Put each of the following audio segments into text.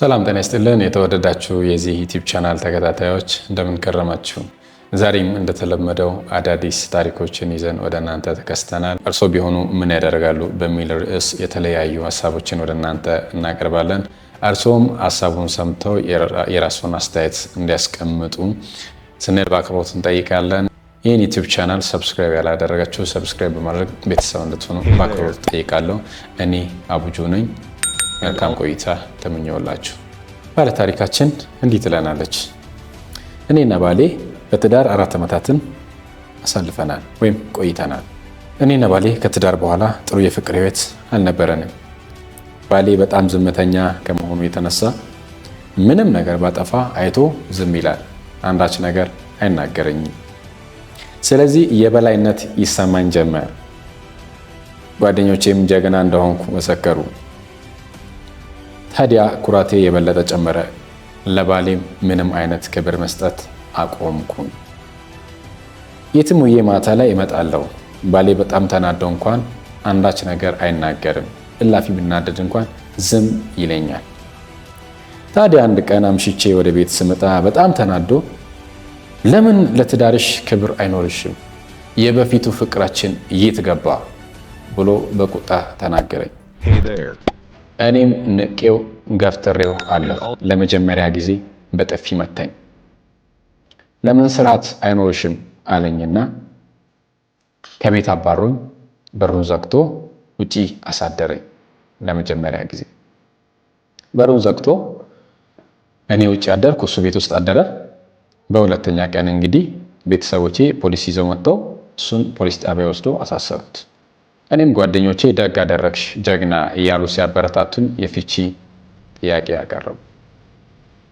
ሰላም ጤና ይስጥልን። የተወደዳችሁ የዚህ ዩቲዩብ ቻናል ተከታታዮች እንደምን ከረማችሁ? ዛሬም እንደተለመደው አዳዲስ ታሪኮችን ይዘን ወደ እናንተ ተከስተናል። እርስዎ ቢሆኑ ምን ያደርጋሉ በሚል ርዕስ የተለያዩ ሀሳቦችን ወደ እናንተ እናቀርባለን። እርሶም ሀሳቡን ሰምተው የራሱን አስተያየት እንዲያስቀምጡ ስንል በአክብሮት እንጠይቃለን። ይህን ዩቲዩብ ቻናል ሰብስክራይብ ያላደረጋችሁ ሰብስክራይብ በማድረግ ቤተሰብ እንድትሆኑ በአክብሮት እጠይቃለሁ። እኔ አቡጁ ነኝ። መልካም ቆይታ ተመኘውላችሁ። ታሪካችን እንዲህ ትለናለች። እኔና ባሌ በትዳር አራት ዓመታትን አሳልፈናል ወይም ቆይተናል። እኔና ባሌ ከትዳር በኋላ ጥሩ የፍቅር ህይወት አልነበረንም። ባሌ በጣም ዝምተኛ ከመሆኑ የተነሳ ምንም ነገር ባጠፋ አይቶ ዝም ይላል። አንዳች ነገር አይናገረኝም። ስለዚህ የበላይነት ይሰማኝ ጀመር። ጓደኞቼም ጀግና እንደሆንኩ መሰከሩ። ታዲያ ኩራቴ የበለጠ ጨመረ። ለባሌም ምንም አይነት ክብር መስጠት አቆምኩኝ። የትም ውዬ ማታ ላይ እመጣለሁ። ባሌ በጣም ተናዶ እንኳን አንዳች ነገር አይናገርም። እላፊ ብናደድ እንኳን ዝም ይለኛል። ታዲያ አንድ ቀን አምሽቼ ወደ ቤት ስመጣ በጣም ተናዶ ለምን ለትዳርሽ ክብር አይኖርሽም? የበፊቱ ፍቅራችን የት ገባ? ብሎ በቁጣ ተናገረኝ። እኔም ንቄው ገፍትሬው አለሁ። ለመጀመሪያ ጊዜ በጥፊ መታኝ። ለምን ስርዓት አይኖርሽም አለኝና ከቤት አባሮኝ በሩን ዘግቶ ውጪ አሳደረኝ። ለመጀመሪያ ጊዜ በሩን ዘግቶ እኔ ውጭ አደርኩ፣ እሱ ቤት ውስጥ አደረ። በሁለተኛ ቀን እንግዲህ ቤተሰቦቼ ፖሊስ ይዘው መጥተው እሱን ፖሊስ ጣቢያ ወስዶ አሳሰሩት። እኔም ጓደኞቼ ደግ አደረግሽ ጀግና እያሉ ሲያበረታቱኝ የፍቺ ጥያቄ ያቀረቡ።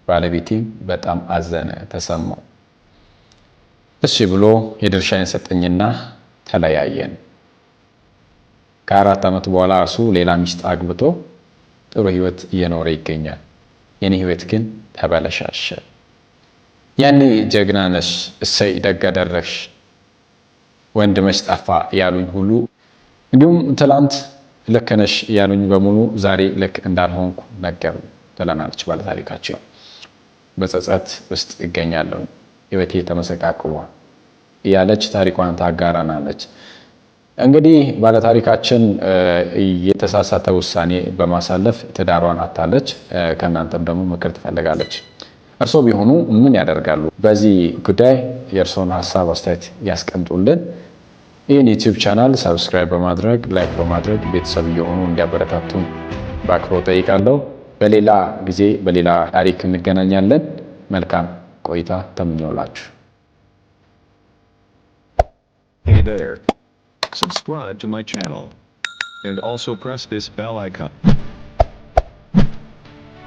ባለቤቴም በጣም አዘነ፣ ተሰማው። እሺ ብሎ የድርሻዬን ሰጠኝና ተለያየን። ከአራት ዓመት በኋላ እርሱ ሌላ ሚስት አግብቶ ጥሩ ህይወት እየኖረ ይገኛል። የኔ ህይወት ግን ተበለሻሸ። ያኔ ጀግና ነሽ፣ እሰይ ደግ አደረግሽ፣ ወንድምሽ ጠፋ ያሉኝ ሁሉ እንዲሁም ትላንት ልክ ነሽ እያሉኝ በሙሉ ዛሬ ልክ እንዳልሆንኩ ነገሩ ትለናለች ባለታሪካችን። በጸጸት ውስጥ ይገኛለሁ፣ ህይወቴ ተመሰቃቅሏል እያለች ታሪኳን ታጋራናለች። እንግዲህ ባለታሪካችን የተሳሳተ ውሳኔ በማሳለፍ ትዳሯን አታለች። ከእናንተም ደግሞ ምክር ትፈልጋለች። እርስዎ ቢሆኑ ምን ያደርጋሉ? በዚህ ጉዳይ የእርስዎን ሀሳብ አስተያየት ያስቀምጡልን። ይህን ዩቲዩብ ቻናል ሰብስክራይብ በማድረግ ላይክ በማድረግ ቤተሰብ እየሆኑ እንዲያበረታቱን በአክብሮት ጠይቃለሁ። በሌላ ጊዜ በሌላ ታሪክ እንገናኛለን። መልካም ቆይታ ተምኞላችሁ። Hey there. Subscribe to my channel and also press this bell icon.